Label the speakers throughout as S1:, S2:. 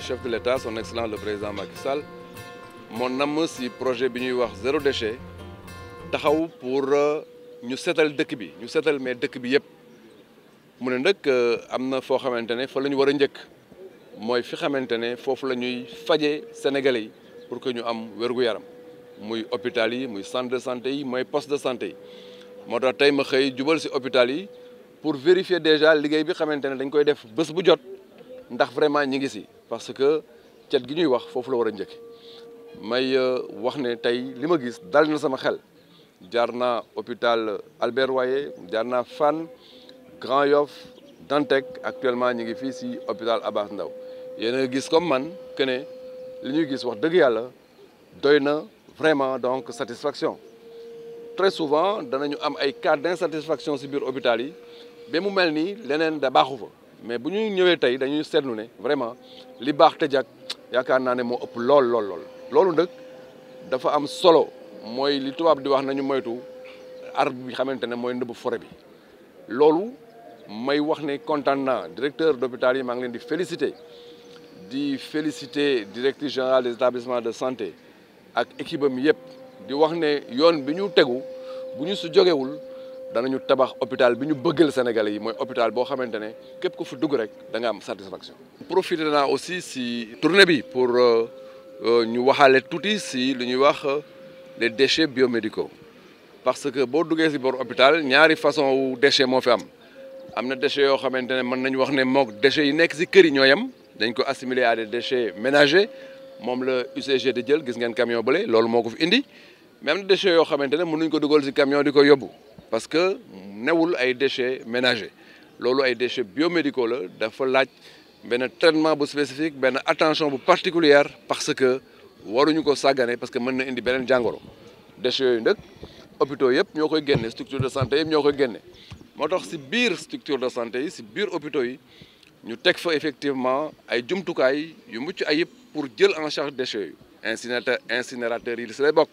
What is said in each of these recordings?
S1: chef de l'État son excellent le président Macky Sall nom, si projet zéro déchet pour euh, ñu seetal nous bi ñu nous mais dëkk bi mu nous nous euh, Sénégalais pour que nous am nous nous yaram hôpital centre de santé nous poste de santé Nous suis ma pour vérifier déjà ce bi nous avons dañ ndax vraiment ñi ngi ci parce que cet gi ñuy wax fofu la wara a may euh, wax né tay lima gis dal na sama xel jarna hôpital Albert Royer jarna Fan Grand Yoff Dantek actuellement ñi ngi fi ci hôpital Abbas Ndaw yéen gis comme man que né li ñuy gis wax dëgg Yalla doyna vraiment donc satisfaction très souvent danañu am ay cas d'insatisfaction ci biir hôpital yi ba mu melni ni da baxu fa mais bu ñuy ñëwee tey dañuy seetlu ne vraiment li baax tëjag yaakaar naa ne moo ëpp lool lool lool loolu nag dafa am solo mooy li tubaab di wax nañu moytu arb bi xamante ne mooy ndëbb fore bi loolu may wax ne kontaan naa directeur d' yi maa ngi leen di félicité di félicité directeur général des établissements de santé ak équipe am yëpp di wax ne yoon bi ñu tegu bu ñu su danañu tabax hôpital bi ñu bëggal Sénégalais yi moy hôpital bo xamante képp ku fu dugg rek da nga am satisfaction. profité naa aussi si tournée bi pour euh, euh, ñu waxaale tuuti si lu ñuy wax euh, les déchets biomédicaux parce que bo duggé ci bor hôpital ñaari façon wu déchets mo fi am amna déchets yo xamante mën nañ wax né moog déchets yi nekk ci kër yi ñoyam dañ ko assimiler à des déchets ménagers mom le UCG de jël gis ngeen camion bële loolu moko fi indi même am déchets yo xamantene ne mënuñ ko dugal ci camion diko yobbu parce que newul ay déchets ménagers loolu ay déchets biomédicaux la dafa laaj ben traitement bu spécifique ben attention bu particulière parce que waruñu ko sagané parce que mën na indi benen jangoro déchets yooyu nag hôpitaux yépp ñokoy koy génne structure de santé yépp ñokoy koy motax ci biir structure de santé yi ci biir hôpitaux yi ñu tek fa effectivement ay jumtukaay yu mucc ayib pour jël en charge déchets yu incinérateur incinérateur yi lay bokk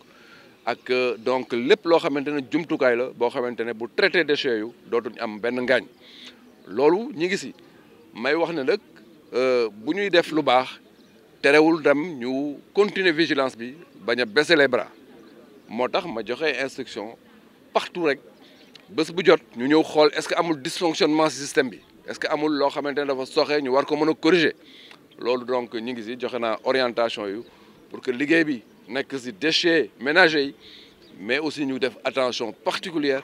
S1: ak euh, donc lepp lo xamantene ne la bo xamantene bu traité déchets yu dootuñu am ben ngaañ lolou ñi ngi si may wax ne nag euh buñuy def lu baax téréwul dem ñu continuer vigilance bi baña a baisser les bras motax ma joxe instruction partout rek bés bu jot ñu ñew xol est-ce que amul dysfonctionnement système bi est-ce que amul lo xamantene dafa soxé ñu war ko mëna corriger lolou donc ñi ngi si joxe orientation yu pour que liguey bi nekk des déchets ménagers mais aussi nous def attention particulière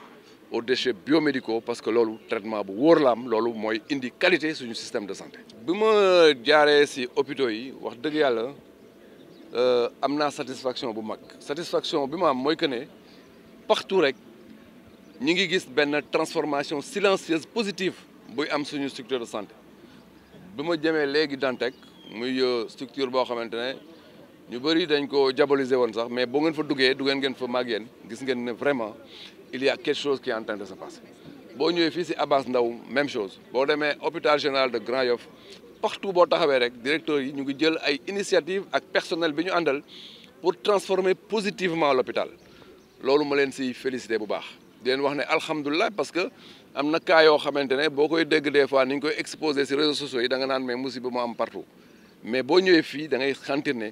S1: aux déchets biomédicaux parce que le traitement bu wóor la am loolu mooy indi qualité suñu système de santé. Si je suis ci hôpitaux yi wax dëgg yàlla euh, satisfaction bu satisfaction bi am que partout rek ñi ngi transformation silencieuse positive dans am suñu structure de santé bi ma jëmee léegi Dantec la euh, structure de santé, ñu bëri dañ ko diaboliser won sax mais bo ngeen fa duggé du ngeen fa màgg yéen gis ngeen ne vraiment il y a quelque chose qui est en train de se passer bo ñëwee fi ci Abass Ndaw même chose bo démé hôpital général de Grand Yoff partout bo taxawé rek directeur yi ñu ngi jël ay initiative ak personnel bi ñu andal pour transformer positivement l'hôpital loolu ma leen si félicité bu baax di leen wax ne alhamdulilah parce que am na cas yoo xamante ne boo koy dégg des fois ni ñu koy exposé si réseaux sociaux yi da nga naan mais musiba mu am partout mais boo ñëwee fii da ngay xantir ne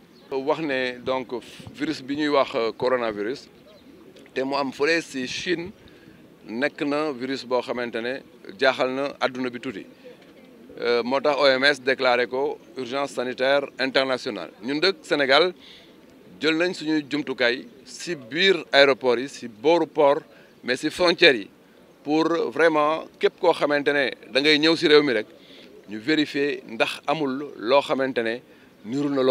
S1: wax donc virus bi ñuy wax euh, coronavirus te mu am si Chine n'ekna na virus bo xamante ne jaaxal na àdduna bi touti euh motax OMS déclaré ko urgence sanitaire internationale ñun deuk Sénégal jël nañ jumtu kay si bir aéroport yi si boru port mais si frontière yi pour vraiment kep ko xamante da ngay ñew ci réew mi rek ñu vérifier ndax amul lo xamante ne niru na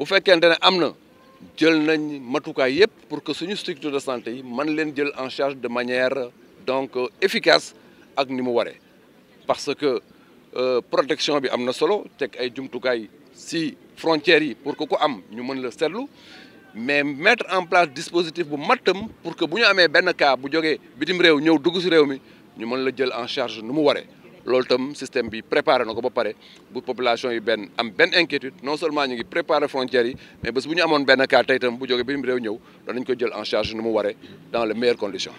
S1: bu fekkente ne am na jël nañ matukaay yépp pour que suñu structure de santé yi mën leen jël en charge de manière donc efficace ak ni mu waree parce que euh, protection bi am na solo teg ay jumtukaay si frontières yi pour que ko am ñu mën la seetlu mais mettre en place dispositif bu mattam pour que bu ñu amee benn cas bu jógee bitim réew ñëw dugg si réew mi ñu mën la jël en charge nu mu waree loolu système bi préparé nous ko ba pare bu population yi ben, am ben inquiétude non seulement ñu ngi préparé frontières mais bés bu ñu amoon carte cas tey itam bu jógee bitim réew en charge de mu dans les meilleures conditions.